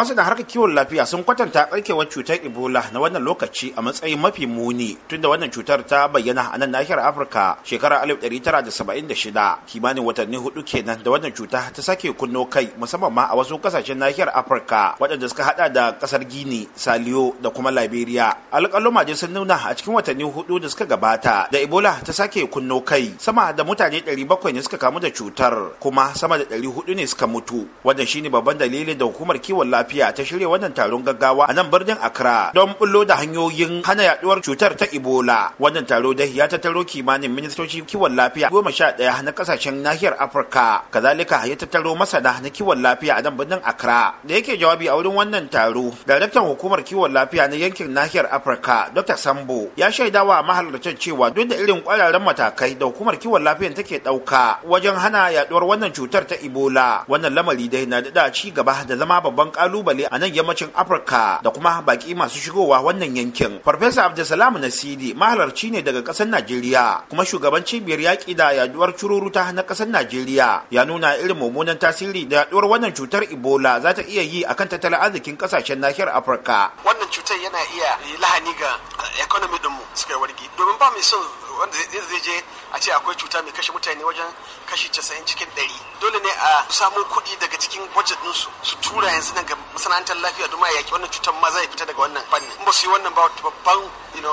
masu na harkar kiwon lafiya sun kwatanta tsarkewar cutar ebola na wannan lokaci a matsayin mafi muni tunda wannan cutar ta bayyana a nan nahiyar afirka shekarar 1976 kimanin watanni hudu kenan da wannan cuta ta sake kunno kai musamman ma a wasu kasashen nahiyar afirka waɗanda suka hada da kasar gini saliyo da kuma liberia alƙaluma dai sun nuna a cikin watanni hudu da suka gabata da ebola ta sake kunno kai sama da mutane 700 ne suka kamu da cutar kuma sama da 400 ne suka mutu wannan shine babban dalilin da hukumar kiwon lafiya lafiya ta shirya wannan taron gaggawa a nan birnin Accra don bullo da hanyoyin hana yaduwar cutar ta Ebola. Wannan taro dai ya tattaro kimanin ministoci kiwon lafiya goma sha ɗaya na kasashen nahiyar Afirka. Kazalika ya tattaro masana na kiwon lafiya a nan birnin Accra. Da yake jawabi a wurin wannan taro, daraktan hukumar kiwon lafiya na yankin nahiyar Afirka, Dr. Sambo, ya shaidawa mahalartan cewa duk da irin kwararren matakai da hukumar kiwon lafiyar take ɗauka wajen hana yaduwar wannan cutar ta Ebola. Wannan lamari dai na da ci gaba da zama babban ƙalu. kalubale a nan yammacin Afirka da kuma baki masu shigowa wannan yankin. Farfesa Abdulsalam Nasidi mahalarci ne daga ƙasar Najeriya kuma shugaban cibiyar yaƙi da yaduwar cururuta na ƙasar Najeriya ya nuna irin mummunan tasiri da yaduwar wannan cutar Ebola za ta iya yi akan tattalin arzikin ƙasashen nahiyar Afirka. Wannan cutar yana iya lahani ga uh, economy dinmu suka wargi domin ba mai son wanda zai je a ce akwai cuta mai kashe mutane wajen kashi 90 cikin 100 dole ne a kuɗi daga cikin budget ɗinsu su tura yanzu nan ga masana'antar lafiya Duma a yaki wannan cutar ma zai fita daga wannan fannin in ba su yi wannan ba babban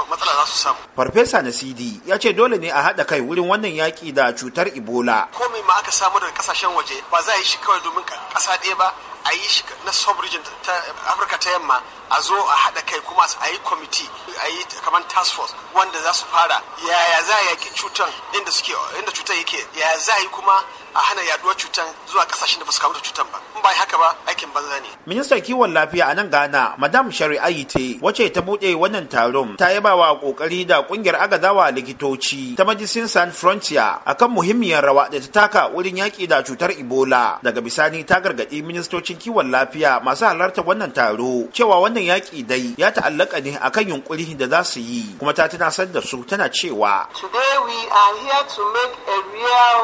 matsala za su samu. Farfesa na CD ya ce dole ne a haɗa kai wurin wannan yaƙi da cutar Ebola. Komai ma aka samu daga ƙasashen waje ba za a yi shi kawai domin ƙasa ɗaya ba a yi shi na sub-region ta Afirka ta yamma a zo a haɗa kai kuma a yi kwamiti a yi kamar task force wanda za su fara yaya za a yaƙi cutar inda suke inda cutar yake yaya za a yi kuma a hana yaduwar cutar zuwa kasashen da ba su kamu da cutan ba in ba haka ba aikin banza ne ministan kiwon lafiya a nan Ghana madam Shari'ai Ayite wace ta bude wannan taron ta yaba wa kokari da kungiyar agazawa likitoci ta Medicine San Frontier akan muhimmiyar rawa da ta taka wurin yaki da cutar Ebola daga bisani ta gargadi ministocin kiwon lafiya masu halartar wannan taro cewa wannan yaki dai ya ta'allaka ne akan yunkuri da za su yi kuma ta tunasar da su tana cewa today we are here to make a real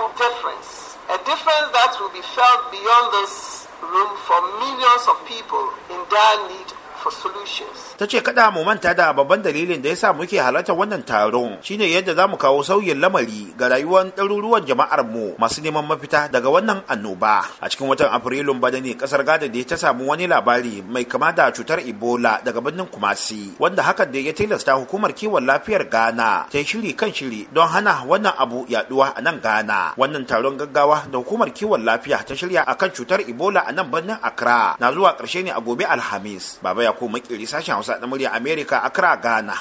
difference that will be felt beyond this room for millions of people in dire need for solutions. Ta ce kada mu manta da babban dalilin da ya sa muke halartar wannan taron shine yadda za mu kawo sauyin lamari ga rayuwar ɗaruruwan jama'ar mu masu neman mafita daga wannan annoba. A cikin watan Afrilun bada ne kasar Ghana da ta samu wani labari mai kama da cutar Ebola daga birnin Kumasi wanda hakan da ya tilasta hukumar kiwon lafiyar Ghana ta yi shiri kan shiri don hana wannan abu yaduwa a nan Ghana. Wannan taron gaggawa da hukumar kiwon lafiya ta shirya akan cutar Ebola a nan birnin Accra na zuwa ƙarshe ne a gobe Alhamis. Baba ya ko Makiri sashen Hausa na murya America Accra Ghana